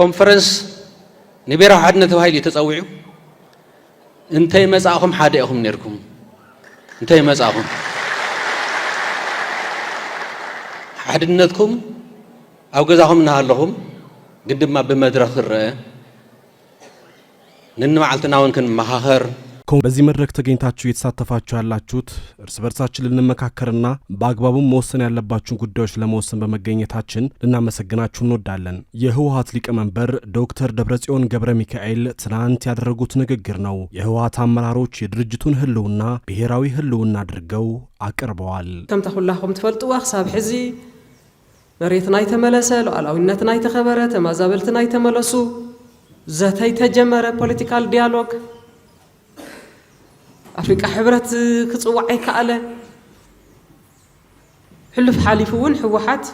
ኮንፈረንስ ንብሔራዊ ሓድነት ተባሂሉ እዩ ተፀዊዑ እንተይ መፃእኹም ሓደ ኢኹም ነርኩም እንተይ መፃእኹም ሓድነትኩም ኣብ ገዛኹም እናሃለኹም ግን ድማ ብመድረኽ ክረአ ንንባዓልትና እውን ክንመኻኸር ከሆኑ በዚህ መድረክ ተገኝታችሁ እየተሳተፋችሁ ያላችሁት እርስ በርሳችን ልንመካከርና በአግባቡም መወሰን ያለባችሁን ጉዳዮች ለመወሰን በመገኘታችን ልናመሰግናችሁ እንወዳለን። የህወሀት ሊቀመንበር ዶክተር ደብረጽዮን ገብረ ሚካኤል ትናንት ያደረጉት ንግግር ነው። የህወሀት አመራሮች የድርጅቱን ህልውና ብሔራዊ ህልውና አድርገው አቅርበዋል። ከምታ ኩላኹም ትፈልጥዋ ክሳብ ሕዚ መሬትና ይተመለሰ ሉዓላዊነትና ይተኸበረ ተማዛበልትና ዘተይ ተጀመረ ፖለቲካል ዲያሎግ ኣፍሪቃ ሕብረት ክፅዋዕ ኣይከኣለ ሕሉፍ ሓሊፉ እውን ሕወሓት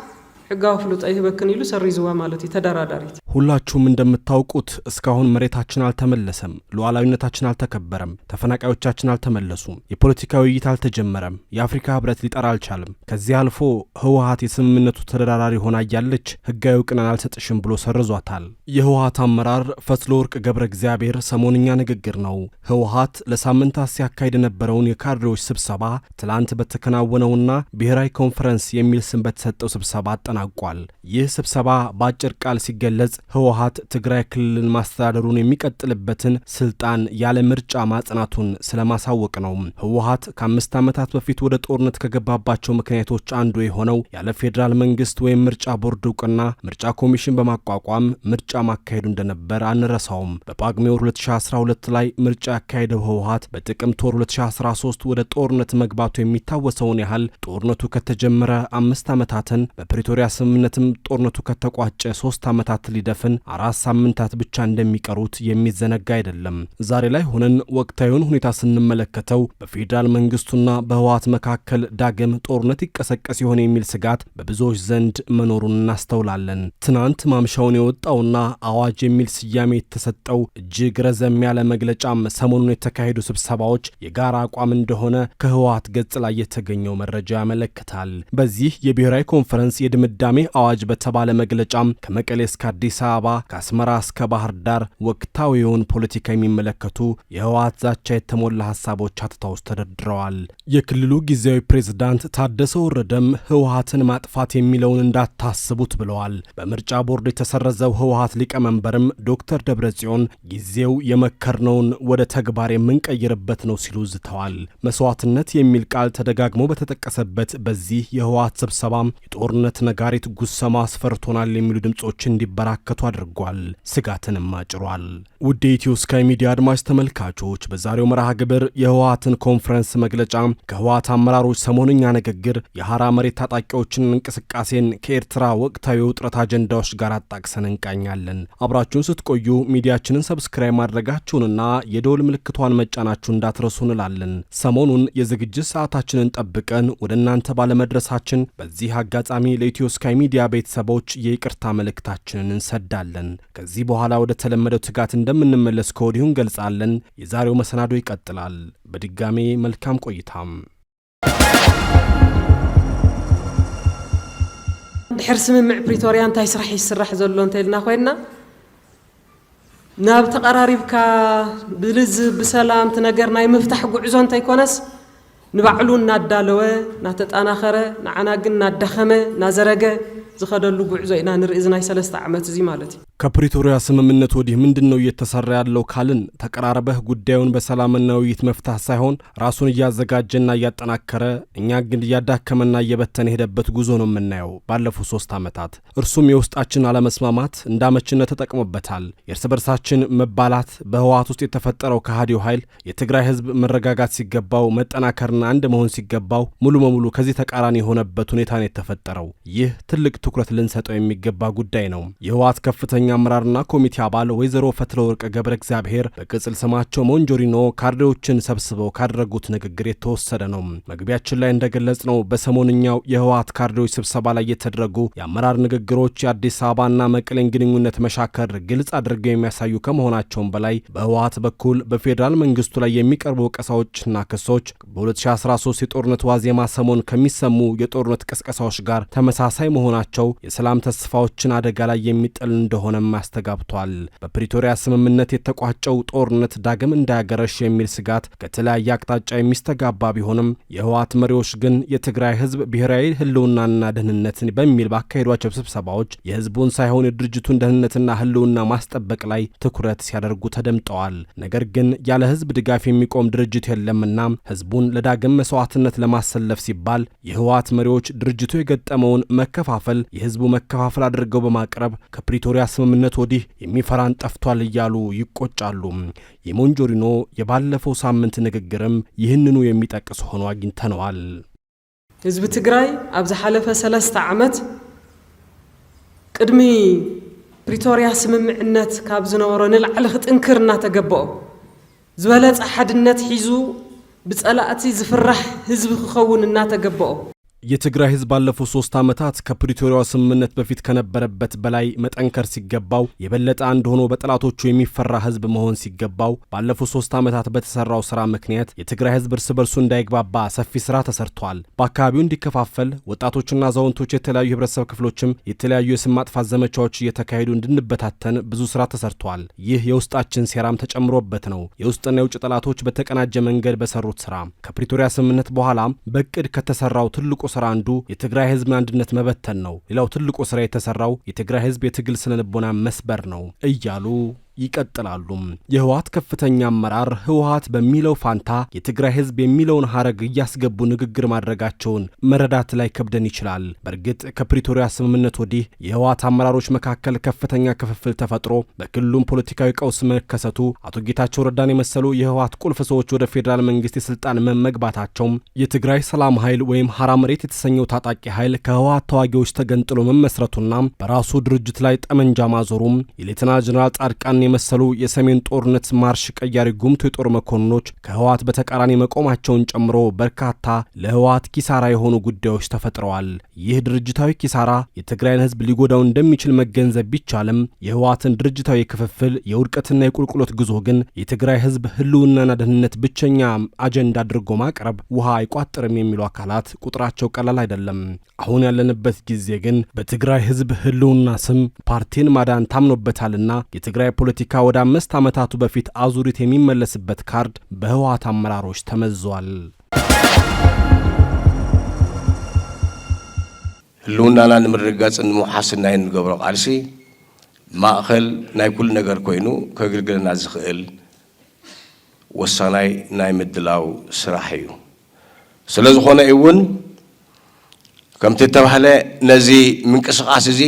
ሕጋዊ ፍሉጣ ይበክን ይሉ ሰሪ ዝዋ ማለት ተደራዳሪት ሁላችሁም እንደምታውቁት እስካሁን መሬታችን አልተመለሰም፣ ሉዓላዊነታችን አልተከበረም፣ ተፈናቃዮቻችን አልተመለሱም፣ የፖለቲካ ውይይት አልተጀመረም፣ የአፍሪካ ህብረት ሊጠራ አልቻለም። ከዚህ አልፎ ህወሀት የስምምነቱ ተደራዳሪ ሆና እያለች ህጋዊ እውቅናን አልሰጥሽም ብሎ ሰርዟታል። የህወሀት አመራር ፈትለወርቅ ወርቅ ገብረ እግዚአብሔር ሰሞንኛ ንግግር ነው። ህወሀት ለሳምንታት ሲያካሄድ የነበረውን የካድሬዎች ስብሰባ ትላንት በተከናወነውና ብሔራዊ ኮንፈረንስ የሚል ስም በተሰጠው ስብሰባ ተጠናቋል። ይህ ስብሰባ በአጭር ቃል ሲገለጽ ህወሀት ትግራይ ክልልን ማስተዳደሩን የሚቀጥልበትን ስልጣን ያለ ምርጫ ማጽናቱን ስለማሳወቅ ነው። ህወሀት ከአምስት ዓመታት በፊት ወደ ጦርነት ከገባባቸው ምክንያቶች አንዱ የሆነው ያለ ፌዴራል መንግስት ወይም ምርጫ ቦርድ እውቅና ምርጫ ኮሚሽን በማቋቋም ምርጫ ማካሄዱ እንደነበር አንረሳውም። በጳጉሜ ወር 2012 ላይ ምርጫ ያካሄደው ህወሀት በጥቅምት ወር 2013 ወደ ጦርነት መግባቱ የሚታወሰውን ያህል ጦርነቱ ከተጀመረ አምስት ዓመታትን በፕሪቶሪያ የፕሪቶሪያ ስምምነትም ጦርነቱ ከተቋጨ ሶስት ዓመታት ሊደፍን አራት ሳምንታት ብቻ እንደሚቀሩት የሚዘነጋ አይደለም። ዛሬ ላይ ሆነን ወቅታዊውን ሁኔታ ስንመለከተው በፌዴራል መንግስቱና በህወሓት መካከል ዳግም ጦርነት ይቀሰቀስ ይሆን የሚል ስጋት በብዙዎች ዘንድ መኖሩን እናስተውላለን። ትናንት ማምሻውን የወጣውና አዋጅ የሚል ስያሜ የተሰጠው እጅግ ረዘም ያለ መግለጫም ሰሞኑን የተካሄዱ ስብሰባዎች የጋራ አቋም እንደሆነ ከህወሓት ገጽ ላይ የተገኘው መረጃ ያመለክታል። በዚህ የብሔራዊ ኮንፈረንስ የድምድ ድምዳሜ አዋጅ በተባለ መግለጫም ከመቀሌ እስከ አዲስ አበባ ከአስመራ እስከ ባህር ዳር ወቅታዊውን ፖለቲካ የሚመለከቱ የህወሓት ዛቻ የተሞላ ሀሳቦች አትታ ውስጥ ተደርድረዋል። የክልሉ ጊዜያዊ ፕሬዝዳንት ታደሰ ወረደም ህወሓትን ማጥፋት የሚለውን እንዳታስቡት ብለዋል። በምርጫ ቦርድ የተሰረዘው ህወሓት ሊቀመንበርም ዶክተር ደብረጽዮን ጊዜው የመከርነውን ወደ ተግባር የምንቀይርበት ነው ሲሉ ዝተዋል። መስዋዕትነት የሚል ቃል ተደጋግሞ በተጠቀሰበት በዚህ የህወሓት ስብሰባም የጦርነት ነጋ ነጋሪት ጉሰማ አስፈርቶናል የሚሉ ድምጾች እንዲበራከቱ አድርጓል፣ ስጋትንም አጭሯል። ውድ ኢትዮ ስካይ ሚዲያ አድማጭ ተመልካቾች በዛሬው መርሃ ግብር የህወሀትን ኮንፈረንስ መግለጫ፣ ከህወሀት አመራሮች ሰሞንኛ ንግግር፣ የሐራ መሬት ታጣቂዎችን እንቅስቃሴን ከኤርትራ ወቅታዊ ውጥረት አጀንዳዎች ጋር አጣቅሰን እንቃኛለን። አብራችሁን ስትቆዩ ሚዲያችንን ሰብስክራይብ ማድረጋችሁንና የደወል ምልክቷን መጫናችሁ እንዳትረሱ እንላለን። ሰሞኑን የዝግጅት ሰዓታችንን ጠብቀን ወደ እናንተ ባለመድረሳችን በዚህ አጋጣሚ ለኢትዮ ስካይ ሚዲያ ቤተሰቦች የይቅርታ መልእክታችንን እንሰዳለን። ከዚህ በኋላ ወደ ተለመደው ትጋት እንደምንመለስ ከወዲሁ እንገልጻለን። የዛሬው መሰናዶ ይቀጥላል። በድጋሜ መልካም ቆይታም። ድሕር ስምምዕ ፕሪቶሪያ እንታይ ስራሕ ይስራሕ ዘሎ እንተልና ኮይና ናብ ተቀራሪብካ ብልዝብ ብሰላምቲ ነገር ናይ ምፍታሕ ጉዕዞ እንተይኮነስ ንባዕሉ እናዳለወ እናተጣናኸረ ንዓና ግን እናዳኸመ እናዘረገ ዝኸደሉ ጉዕዞ ኢና ንርኢ እዚ ናይ ሰለስተ ዓመት እዚ ማለት እዩ ከፕሪቶሪያ ስምምነት ወዲህ ምንድን ነው እየተሰራ ያለው ካልን ተቀራርበህ ጉዳዩን በሰላምና ውይይት መፍታት ሳይሆን ራሱን እያዘጋጀና እያጠናከረ እኛ ግን እያዳከመና እየበተነ የሄደበት ጉዞ ነው የምናየው ባለፉት ሶስት ዓመታት። እርሱም የውስጣችን አለመስማማት እንዳመችነት ተጠቅሞበታል። የእርስ በርሳችን መባላት በህወሓት ውስጥ የተፈጠረው ከሃዲው ኃይል የትግራይ ህዝብ መረጋጋት ሲገባው መጠናከርና አንድ መሆን ሲገባው ሙሉ በሙሉ ከዚህ ተቃራኒ የሆነበት ሁኔታ ነው የተፈጠረው። ይህ ትልቅ ትኩረት ልንሰጠው የሚገባ ጉዳይ ነው። የህወሓት ከፍተኛ ከፍተኛ አመራርና ኮሚቴ አባል ወይዘሮ ፈትለወርቅ ገብረ እግዚአብሔር በቅጽል ስማቸው ሞንጆሪኖ ካድሬዎችን ሰብስበው ካደረጉት ንግግር የተወሰደ ነው። መግቢያችን ላይ እንደገለጽ ነው በሰሞንኛው የህወሀት ካድሬዎች ስብሰባ ላይ የተደረጉ የአመራር ንግግሮች የአዲስ አበባና መቀሌን ግንኙነት መሻከር ግልጽ አድርገው የሚያሳዩ ከመሆናቸውም በላይ በህወሀት በኩል በፌዴራል መንግስቱ ላይ የሚቀርቡ ቀሳዎችና ክሶች በ2013 የጦርነት ዋዜማ ሰሞን ከሚሰሙ የጦርነት ቅስቀሳዎች ጋር ተመሳሳይ መሆናቸው የሰላም ተስፋዎችን አደጋ ላይ የሚጥል እንደሆነ እንደሆነም አስተጋብቷል። በፕሪቶሪያ ስምምነት የተቋጨው ጦርነት ዳግም እንዳያገረሽ የሚል ስጋት ከተለያየ አቅጣጫ የሚስተጋባ ቢሆንም የህወሓት መሪዎች ግን የትግራይ ህዝብ ብሔራዊ ህልውናና ደህንነትን በሚል ባካሄዷቸው ስብሰባዎች የህዝቡን ሳይሆን የድርጅቱን ደህንነትና ህልውና ማስጠበቅ ላይ ትኩረት ሲያደርጉ ተደምጠዋል። ነገር ግን ያለ ህዝብ ድጋፍ የሚቆም ድርጅት የለምና ህዝቡን ለዳግም መስዋዕትነት ለማሰለፍ ሲባል የህወሓት መሪዎች ድርጅቱ የገጠመውን መከፋፈል የህዝቡ መከፋፈል አድርገው በማቅረብ ከፕሪቶሪያ ስምምነት ስምምነት ወዲህ የሚፈራን ጠፍቷል እያሉ ይቆጫሉ። የሞንጆሪኖ የባለፈው ሳምንት ንግግርም ይህንኑ የሚጠቅስ ሆኖ አግኝተነዋል። ህዝቢ ትግራይ ኣብ ዝሓለፈ ሰለስተ ዓመት ቅድሚ ፕሪቶርያ ስምምዕነት ካብ ዝነበሮ ንላዕሊ ክጥንክር እናተገብኦ ዝበለፀ ሓድነት ሒዙ ብፀላእቲ ዝፍራሕ ህዝቢ ክኸውን እናተገብኦ የትግራይ ህዝብ ባለፉት ሶስት ዓመታት ከፕሪቶሪያው ስምምነት በፊት ከነበረበት በላይ መጠንከር ሲገባው የበለጠ አንድ ሆኖ በጠላቶቹ የሚፈራ ህዝብ መሆን ሲገባው ባለፉት ሶስት ዓመታት በተሰራው ስራ ምክንያት የትግራይ ህዝብ እርስ በርሱ እንዳይግባባ ሰፊ ስራ ተሰርቷል። በአካባቢው እንዲከፋፈል ወጣቶችና አዛውንቶች፣ የተለያዩ ህብረተሰብ ክፍሎችም የተለያዩ የስም ማጥፋት ዘመቻዎች እየተካሄዱ እንድንበታተን ብዙ ስራ ተሰርቷል። ይህ የውስጣችን ሴራም ተጨምሮበት ነው። የውስጥና የውጭ ጠላቶች በተቀናጀ መንገድ በሰሩት ስራ ከፕሪቶሪያ ስምምነት በኋላም በእቅድ ከተሰራው ትልቁ ስራ አንዱ የትግራይ ህዝብን አንድነት መበተን ነው። ሌላው ትልቁ ስራ የተሰራው የትግራይ ህዝብ የትግል ስነልቦና መስበር ነው እያሉ ይቀጥላሉም። የህወሀት ከፍተኛ አመራር ህወሀት በሚለው ፋንታ የትግራይ ህዝብ የሚለውን ሀረግ እያስገቡ ንግግር ማድረጋቸውን መረዳት ላይ ከብደን ይችላል። በእርግጥ ከፕሪቶሪያ ስምምነት ወዲህ የህወሀት አመራሮች መካከል ከፍተኛ ክፍፍል ተፈጥሮ በክልሉም ፖለቲካዊ ቀውስ መከሰቱ አቶ ጌታቸው ረዳን የመሰሉ የህወሀት ቁልፍ ሰዎች ወደ ፌዴራል መንግስት የስልጣን መመግባታቸውም የትግራይ ሰላም ኃይል ወይም ሀራ መሬት የተሰኘው ታጣቂ ኃይል ከህወሀት ተዋጊዎች ተገንጥሎ መመስረቱና በራሱ ድርጅት ላይ ጠመንጃ ማዞሩም የሌተና ጀኔራል ጻድቃን የመሰሉ የሰሜን ጦርነት ማርሽ ቀያሪ ጉምቱ የጦር መኮንኖች ከህወሓት በተቃራኒ መቆማቸውን ጨምሮ በርካታ ለህወሓት ኪሳራ የሆኑ ጉዳዮች ተፈጥረዋል። ይህ ድርጅታዊ ኪሳራ የትግራይን ህዝብ ሊጎዳው እንደሚችል መገንዘብ ቢቻልም የህወሓትን ድርጅታዊ ክፍፍል የውድቀትና የቁልቁሎት ጉዞ ግን የትግራይ ህዝብ ህልውናና ደህንነት ብቸኛ አጀንዳ አድርጎ ማቅረብ ውሃ አይቋጥርም የሚሉ አካላት ቁጥራቸው ቀላል አይደለም። አሁን ያለንበት ጊዜ ግን በትግራይ ህዝብ ህልውና ስም ፓርቲን ማዳን ታምኖበታልና የትግራይ ፖለቲ ፖለቲካ ወደ አምስት ዓመታቱ በፊት አዙሪት የሚመለስበት ካርድ በህወሓት አመራሮች ተመዟል። ህልውናና ንምርጋፅን ንምሓስን ናይ ንገብሮ ቃልሲ ማእኸል ናይ ኩሉ ነገር ኮይኑ ከግልግለና ዝኽእል ወሳናይ ናይ ምድላው ስራሕ እዩ ስለ ዝኾነ እውን ከምቲ ተባህለ ነዚ ምንቅስቃስ እዚ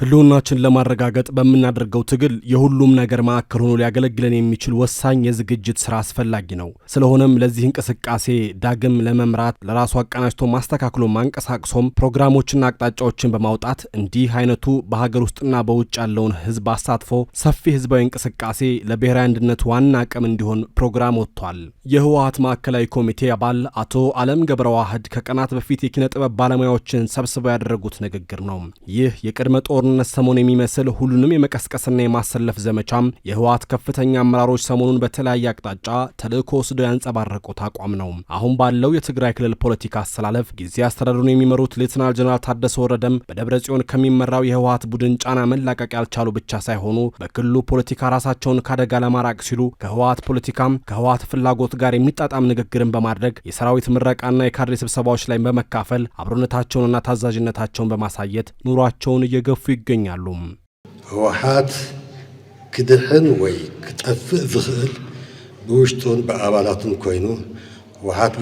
ህልውናችን ለማረጋገጥ በምናደርገው ትግል የሁሉም ነገር ማዕከል ሆኖ ሊያገለግለን የሚችል ወሳኝ የዝግጅት ስራ አስፈላጊ ነው። ስለሆነም ለዚህ እንቅስቃሴ ዳግም ለመምራት ለራሱ አቀናጅቶ ማስተካክሎ ማንቀሳቅሶም ፕሮግራሞችና አቅጣጫዎችን በማውጣት እንዲህ አይነቱ በሀገር ውስጥና በውጭ ያለውን ህዝብ አሳትፎ ሰፊ ህዝባዊ እንቅስቃሴ ለብሔራዊ አንድነት ዋና አቅም እንዲሆን ፕሮግራም ወጥቷል። የህወሀት ማዕከላዊ ኮሚቴ አባል አቶ አለም ገብረ ዋህድ ከቀናት በፊት የኪነ ጥበብ ባለሙያዎችን ሰብስበው ያደረጉት ንግግር ነው። ይህ የቅድመ ጦር ጦርነት ሰሞን የሚመስል ሁሉንም የመቀስቀስና የማሰለፍ ዘመቻም የህወሓት ከፍተኛ አመራሮች ሰሞኑን በተለያየ አቅጣጫ ተልእኮ ወስዶ ያንጸባረቁት አቋም ነው። አሁን ባለው የትግራይ ክልል ፖለቲካ አስተላለፍ ጊዜ አስተዳደሩን የሚመሩት ሌትናል ጀነራል ታደሰ ወረደም በደብረ ጽዮን ከሚመራው የህወሓት ቡድን ጫና መላቀቅ ያልቻሉ ብቻ ሳይሆኑ በክልሉ ፖለቲካ ራሳቸውን ካደጋ ለማራቅ ሲሉ ከህወሓት ፖለቲካም ከህወሓት ፍላጎት ጋር የሚጣጣም ንግግርን በማድረግ የሰራዊት ምረቃና የካድሬ ስብሰባዎች ላይ በመካፈል አብሮነታቸውንና ታዛዥነታቸውን በማሳየት ኑሯቸውን እየገፉ ይገኛሉ። ህወሓት ክድሕን ወይ ክጠፍእ ዝኽእል ብውሽጡን ብኣባላቱን ኮይኑ ህወሓት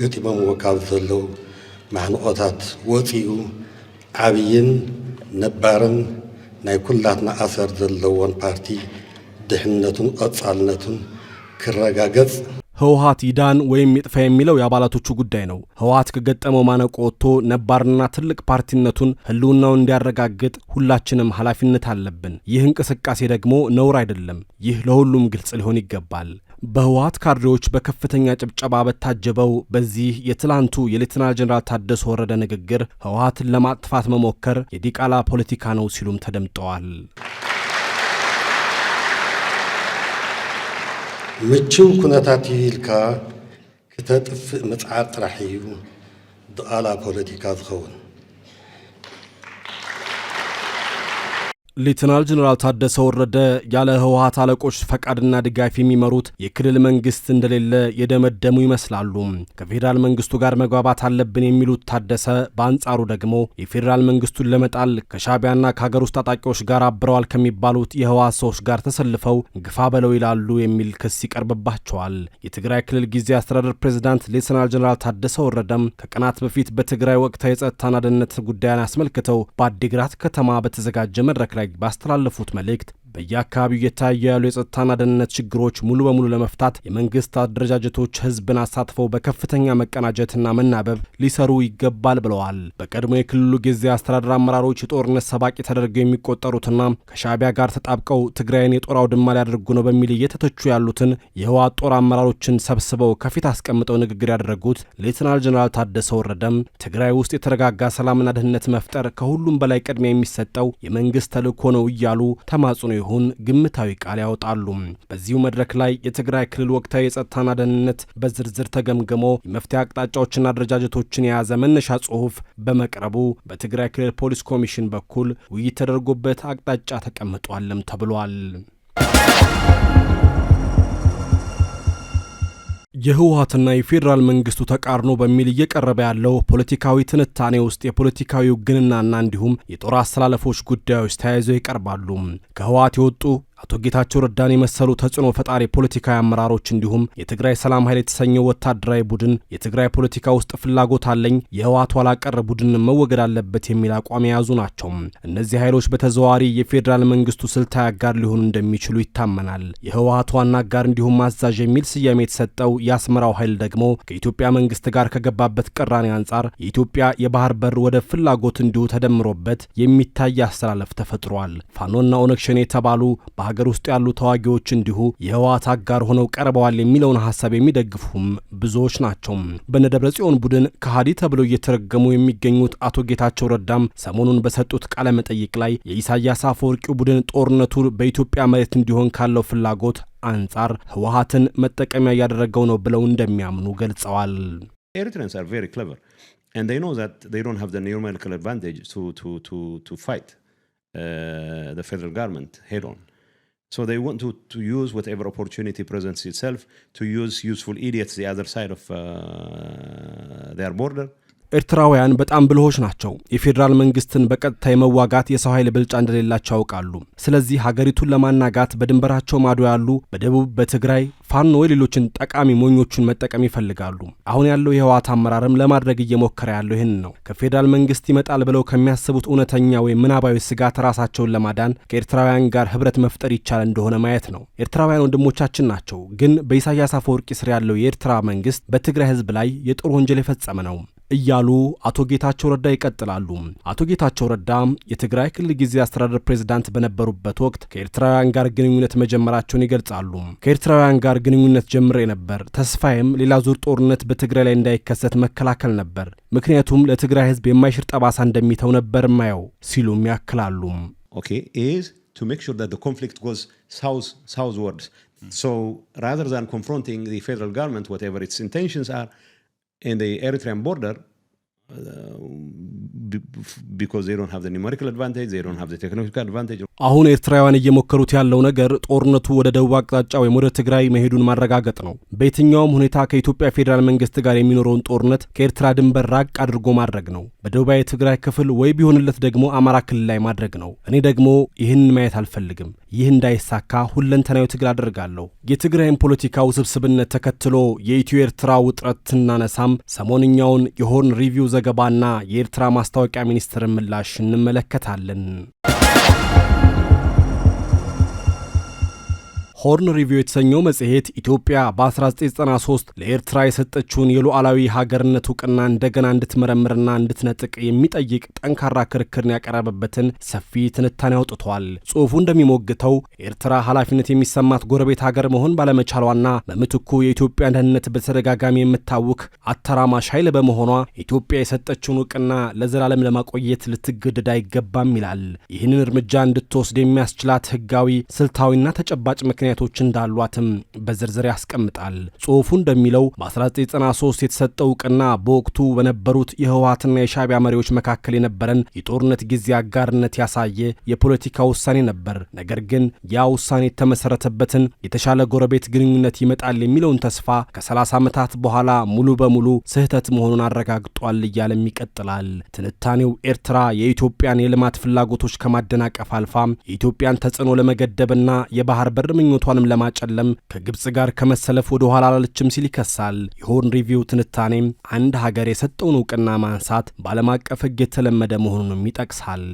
ገጢሞምዎ ካብ ዘለዉ ማዕንቆታት ወፂኡ ዓብይን ነባርን ናይ ኩላትና ኣሰር ዘለዎን ፓርቲ ድሕንነቱን ቆፃልነቱን ክረጋገጽ ህወሀት ይዳን ወይም ይጥፋ የሚለው የአባላቶቹ ጉዳይ ነው። ህወሀት ከገጠመው ማነቆ ወጥቶ ነባርና ትልቅ ፓርቲነቱን ህልውናውን እንዲያረጋግጥ ሁላችንም ኃላፊነት አለብን። ይህ እንቅስቃሴ ደግሞ ነውር አይደለም። ይህ ለሁሉም ግልጽ ሊሆን ይገባል። በህወሀት ካድሬዎች በከፍተኛ ጭብጨባ በታጀበው በዚህ የትላንቱ የሌትናል ጀኔራል ታደሰ ወረደ ንግግር ህወሀትን ለማጥፋት መሞከር የዲቃላ ፖለቲካ ነው ሲሉም ተደምጠዋል። ምችው ኩነታት ይልካ ክተጥፍእ ምፅዓር ጥራሕ እዩ ድቓላ ፖለቲካ ዝኸውን ሌትናል ጀኔራል ታደሰ ወረደ ያለ ህወሀት አለቆች ፈቃድና ድጋፍ የሚመሩት የክልል መንግስት እንደሌለ የደመደሙ ይመስላሉ። ከፌዴራል መንግስቱ ጋር መግባባት አለብን የሚሉት ታደሰ በአንጻሩ ደግሞ የፌዴራል መንግስቱን ለመጣል ከሻቢያና ከሀገር ውስጥ ታጣቂዎች ጋር አብረዋል ከሚባሉት የህወሀት ሰዎች ጋር ተሰልፈው ግፋ በለው ይላሉ የሚል ክስ ይቀርብባቸዋል። የትግራይ ክልል ጊዜ አስተዳደር ፕሬዚዳንት ሌትናል ጀኔራል ታደሰ ወረደም ከቀናት በፊት በትግራይ ወቅታዊ የጸጥታና ደህንነት ጉዳያን አስመልክተው በአዲግራት ከተማ በተዘጋጀ መድረክ ላይ ባስተላለፉት መልእክት በየአካባቢው እየታዩ ያሉ የጸጥታና ደህንነት ችግሮች ሙሉ በሙሉ ለመፍታት የመንግስት አደረጃጀቶች ህዝብን አሳትፈው በከፍተኛ መቀናጀትና መናበብ ሊሰሩ ይገባል ብለዋል። በቀድሞ የክልሉ ጊዜ አስተዳደር አመራሮች የጦርነት ሰባቂ ተደርገው የሚቆጠሩትና ከሻቢያ ጋር ተጣብቀው ትግራይን የጦር አውድማ ሊያደርጉ ነው በሚል እየተተቹ ያሉትን የህወሓት ጦር አመራሮችን ሰብስበው ከፊት አስቀምጠው ንግግር ያደረጉት ሌትናል ጀኔራል ታደሰ ወረደም ትግራይ ውስጥ የተረጋጋ ሰላምና ደህንነት መፍጠር ከሁሉም በላይ ቅድሚያ የሚሰጠው የመንግስት ተልዕኮ ነው እያሉ ተማጽኖ ይሁን ግምታዊ ቃል ያወጣሉ። በዚሁ መድረክ ላይ የትግራይ ክልል ወቅታዊ የጸጥታና ደህንነት በዝርዝር ተገምግሞ የመፍትሄ አቅጣጫዎችና አደረጃጀቶችን የያዘ መነሻ ጽሑፍ በመቅረቡ በትግራይ ክልል ፖሊስ ኮሚሽን በኩል ውይይት ተደርጎበት አቅጣጫ ተቀምጧልም ተብሏል። የህወሀትና የፌዴራል መንግስቱ ተቃርኖ በሚል እየቀረበ ያለው ፖለቲካዊ ትንታኔ ውስጥ የፖለቲካዊ ውግንናና እንዲሁም የጦር አስተላለፎች ጉዳዮች ተያይዘው ይቀርባሉ። ከህወሀት የወጡ አቶ ጌታቸው ረዳን የመሰሉ ተጽዕኖ ፈጣሪ ፖለቲካዊ አመራሮች እንዲሁም የትግራይ ሰላም ኃይል የተሰኘው ወታደራዊ ቡድን የትግራይ ፖለቲካ ውስጥ ፍላጎት አለኝ፣ የህወሓቱ ኋላቀር ቡድን መወገድ አለበት የሚል አቋም የያዙ ናቸው። እነዚህ ኃይሎች በተዘዋዋሪ የፌዴራል መንግስቱ ስልታዊ አጋር ሊሆኑ እንደሚችሉ ይታመናል። የህወሓቱ ዋና አጋር እንዲሁም አዛዥ የሚል ስያሜ የተሰጠው የአስመራው ኃይል ደግሞ ከኢትዮጵያ መንግስት ጋር ከገባበት ቅራኔ አንጻር የኢትዮጵያ የባህር በር ወደ ፍላጎት እንዲሁ ተደምሮበት የሚታይ አስተላለፍ ተፈጥሯል። ፋኖና ኦነግ ሸኔ የተባሉ በሀገር ውስጥ ያሉ ተዋጊዎች እንዲሁ የህወሓት አጋር ሆነው ቀርበዋል የሚለውን ሀሳብ የሚደግፉም ብዙዎች ናቸው። በነደብረ ጽዮን ቡድን ከሃዲ ተብለው እየተረገሙ የሚገኙት አቶ ጌታቸው ረዳም ሰሞኑን በሰጡት ቃለ መጠይቅ ላይ የኢሳያስ አፈወርቂው ቡድን ጦርነቱ በኢትዮጵያ መሬት እንዲሆን ካለው ፍላጎት አንጻር ህወሓትን መጠቀሚያ እያደረገው ነው ብለው እንደሚያምኑ ገልጸዋል። ኤሪትሪያንስ So they want to, to use whatever opportunity presents itself to use useful idiots the other side of uh, their border ኤርትራውያን በጣም ብልሆች ናቸው። የፌዴራል መንግስትን በቀጥታ የመዋጋት የሰው ኃይል ብልጫ እንደሌላቸው ያውቃሉ። ስለዚህ ሀገሪቱን ለማናጋት በድንበራቸው ማዶ ያሉ በደቡብ በትግራይ ፋኖ የሌሎችን ጠቃሚ ሞኞቹን መጠቀም ይፈልጋሉ። አሁን ያለው የህወሓት አመራርም ለማድረግ እየሞከረ ያለው ይህን ነው። ከፌዴራል መንግስት ይመጣል ብለው ከሚያስቡት እውነተኛ ወይም ምናባዊ ስጋት ራሳቸውን ለማዳን ከኤርትራውያን ጋር ህብረት መፍጠር ይቻል እንደሆነ ማየት ነው። ኤርትራውያን ወንድሞቻችን ናቸው፣ ግን በኢሳያስ አፈወርቂ ስር ያለው የኤርትራ መንግስት በትግራይ ህዝብ ላይ የጦር ወንጀል የፈጸመ ነው። እያሉ አቶ ጌታቸው ረዳ ይቀጥላሉ። አቶ ጌታቸው ረዳ የትግራይ ክልል ጊዜ አስተዳደር ፕሬዝዳንት በነበሩበት ወቅት ከኤርትራውያን ጋር ግንኙነት መጀመራቸውን ይገልጻሉ። ከኤርትራውያን ጋር ግንኙነት ጀምሬ ነበር። ተስፋዬም ሌላ ዙር ጦርነት በትግራይ ላይ እንዳይከሰት መከላከል ነበር። ምክንያቱም ለትግራይ ሕዝብ የማይሽር ጠባሳ እንደሚተው ነበር ማየው ሲሉም ያክላሉ። አር in the Eritrean border, uh, አሁን ኤርትራውያን እየሞከሩት ያለው ነገር ጦርነቱ ወደ ደቡብ አቅጣጫ ወይም ወደ ትግራይ መሄዱን ማረጋገጥ ነው። በየትኛውም ሁኔታ ከኢትዮጵያ ፌዴራል መንግስት ጋር የሚኖረውን ጦርነት ከኤርትራ ድንበር ራቅ አድርጎ ማድረግ ነው። በደቡባዊ ትግራይ ክፍል ወይ ቢሆንለት ደግሞ አማራ ክልል ላይ ማድረግ ነው። እኔ ደግሞ ይህን ማየት አልፈልግም። ይህ እንዳይሳካ ሁለንተናዊ ትግል አደርጋለሁ። የትግራይን ፖለቲካ ውስብስብነት ተከትሎ የኢትዮ ኤርትራ ውጥረት ስናነሳም ሰሞንኛውን የሆርን ሪቪው ዘገባና የኤርትራ ማስታወቂያ ሚኒስትርን ምላሽ እንመለከታለን። ሆርን ሪቪው የተሰኘው መጽሔት ኢትዮጵያ በ1993 ለኤርትራ የሰጠችውን የሉዓላዊ ሀገርነት እውቅና እንደገና እንድትመረምርና እንድትነጥቅ የሚጠይቅ ጠንካራ ክርክርን ያቀረበበትን ሰፊ ትንታኔ አውጥቷል። ጽሑፉ እንደሚሞግተው ኤርትራ ኃላፊነት የሚሰማት ጎረቤት ሀገር መሆን ባለመቻሏና በምትኩ የኢትዮጵያን ደህንነት በተደጋጋሚ የምታውክ አተራማሽ ኃይል በመሆኗ ኢትዮጵያ የሰጠችውን እውቅና ለዘላለም ለማቆየት ልትገደድ አይገባም ይላል። ይህንን እርምጃ እንድትወስድ የሚያስችላት ህጋዊ፣ ስልታዊና ተጨባጭ ምክንያት ምክንያቶች እንዳሏትም በዝርዝር ያስቀምጣል። ጽሑፉ እንደሚለው በ1993 የተሰጠው እውቅና በወቅቱ በነበሩት የህወሀትና የሻቢያ መሪዎች መካከል የነበረን የጦርነት ጊዜ አጋርነት ያሳየ የፖለቲካ ውሳኔ ነበር። ነገር ግን ያ ውሳኔ የተመሰረተበትን የተሻለ ጎረቤት ግንኙነት ይመጣል የሚለውን ተስፋ ከ30 ዓመታት በኋላ ሙሉ በሙሉ ስህተት መሆኑን አረጋግጧል እያለም ይቀጥላል። ትንታኔው ኤርትራ የኢትዮጵያን የልማት ፍላጎቶች ከማደናቀፍ አልፋም የኢትዮጵያን ተጽዕኖ ለመገደብና የባህር በር ምኞ ግንኙነቷንም ለማጨለም ከግብፅ ጋር ከመሰለፍ ወደ ኋላ አላለችም ሲል ይከሳል። የሆርን ሪቪው ትንታኔም አንድ ሀገር የሰጠውን እውቅና ማንሳት በዓለም አቀፍ ሕግ የተለመደ መሆኑንም ይጠቅሳል።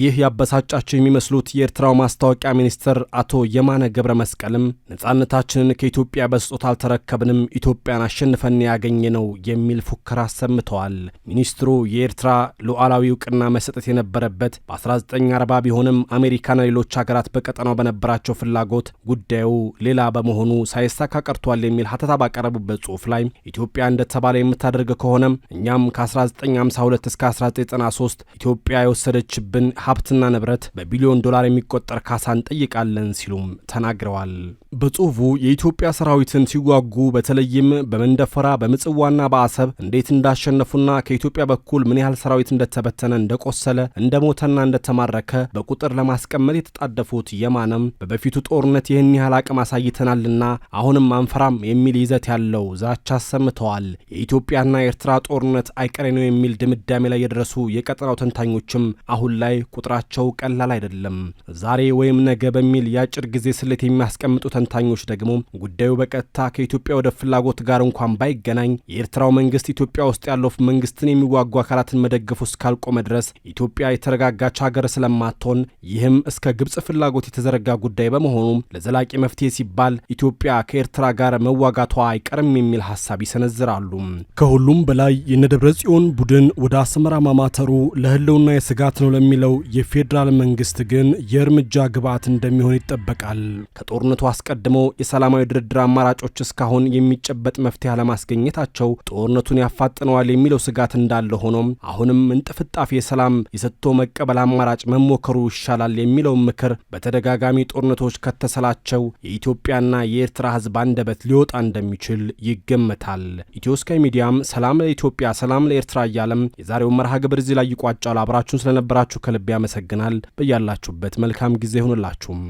ይህ ያበሳጫቸው የሚመስሉት የኤርትራው ማስታወቂያ ሚኒስትር አቶ የማነ ገብረ መስቀልም ነጻነታችንን ከኢትዮጵያ በስጦታ አልተረከብንም፣ ኢትዮጵያን አሸንፈን ያገኘ ነው የሚል ፉከራ አሰምተዋል። ሚኒስትሩ የኤርትራ ሉዓላዊ እውቅና መሰጠት የነበረበት በ1940 ቢሆንም አሜሪካና ሌሎች ሀገራት በቀጠናው በነበራቸው ፍላጎት ጉዳይ ጉዳዩ ሌላ በመሆኑ ሳይሳካ ቀርቷል የሚል ሀተታ ባቀረቡበት ጽሁፍ ላይ ኢትዮጵያ እንደተባለ የምታደርግ ከሆነ እኛም ከ1952 እስከ 1993 ኢትዮጵያ የወሰደችብን ሀብትና ንብረት በቢሊዮን ዶላር የሚቆጠር ካሳ እንጠይቃለን ሲሉም ተናግረዋል። በጽሁፉ የኢትዮጵያ ሰራዊትን ሲዋጉ በተለይም በመንደፈራ በምጽዋና በአሰብ እንዴት እንዳሸነፉና ከኢትዮጵያ በኩል ምን ያህል ሰራዊት እንደተበተነ እንደቆሰለ፣ እንደሞተና እንደተማረከ በቁጥር ለማስቀመጥ የተጣደፉት የማነም በበፊቱ ጦርነት ይህን ያህል አቅም አሳይተናልና አሁንም አንፈራም የሚል ይዘት ያለው ዛቻ አሰምተዋል። የኢትዮጵያና የኤርትራ ጦርነት አይቀሬ ነው የሚል ድምዳሜ ላይ የደረሱ የቀጠናው ተንታኞችም አሁን ላይ ቁጥራቸው ቀላል አይደለም። ዛሬ ወይም ነገ በሚል የአጭር ጊዜ ስሌት የሚያስቀምጡ ተንታኞች ደግሞ ጉዳዩ በቀጥታ ከኢትዮጵያ ወደ ፍላጎት ጋር እንኳን ባይገናኝ የኤርትራው መንግስት ኢትዮጵያ ውስጥ ያለው መንግስትን የሚዋጉ አካላትን መደገፉ እስካልቆመ ድረስ ኢትዮጵያ የተረጋጋች ሀገር ስለማትሆን ይህም እስከ ግብጽ ፍላጎት የተዘረጋ ጉዳይ በመሆኑ ለዘላቂ ዘላቂ መፍትሄ ሲባል ኢትዮጵያ ከኤርትራ ጋር መዋጋቷ አይቀርም የሚል ሀሳብ ይሰነዝራሉ። ከሁሉም በላይ የነደብረ ጽዮን ቡድን ወደ አስመራ ማማተሩ ለህልውና የስጋት ነው ለሚለው የፌዴራል መንግስት ግን የእርምጃ ግብዓት እንደሚሆን ይጠበቃል። ከጦርነቱ አስቀድሞ የሰላማዊ ድርድር አማራጮች እስካሁን የሚጨበጥ መፍትሄ አለማስገኘታቸው ጦርነቱን ያፋጥነዋል የሚለው ስጋት እንዳለ ሆኖም አሁንም እንጥፍጣፊ የሰላም የሰጥቶ መቀበል አማራጭ መሞከሩ ይሻላል የሚለውን ምክር በተደጋጋሚ ጦርነቶች ከተሰላቸው የኢትዮጵያና የኤርትራ ህዝብ አንደበት ሊወጣ እንደሚችል ይገመታል። ኢትዮስካይ ሚዲያም ሰላም ለኢትዮጵያ ሰላም ለኤርትራ እያለም የዛሬውን መርሃ ግብር እዚህ ላይ ይቋጫል። አብራችሁን ስለነበራችሁ ከልብ ያመሰግናል። በያላችሁበት መልካም ጊዜ ይሁንላችሁም።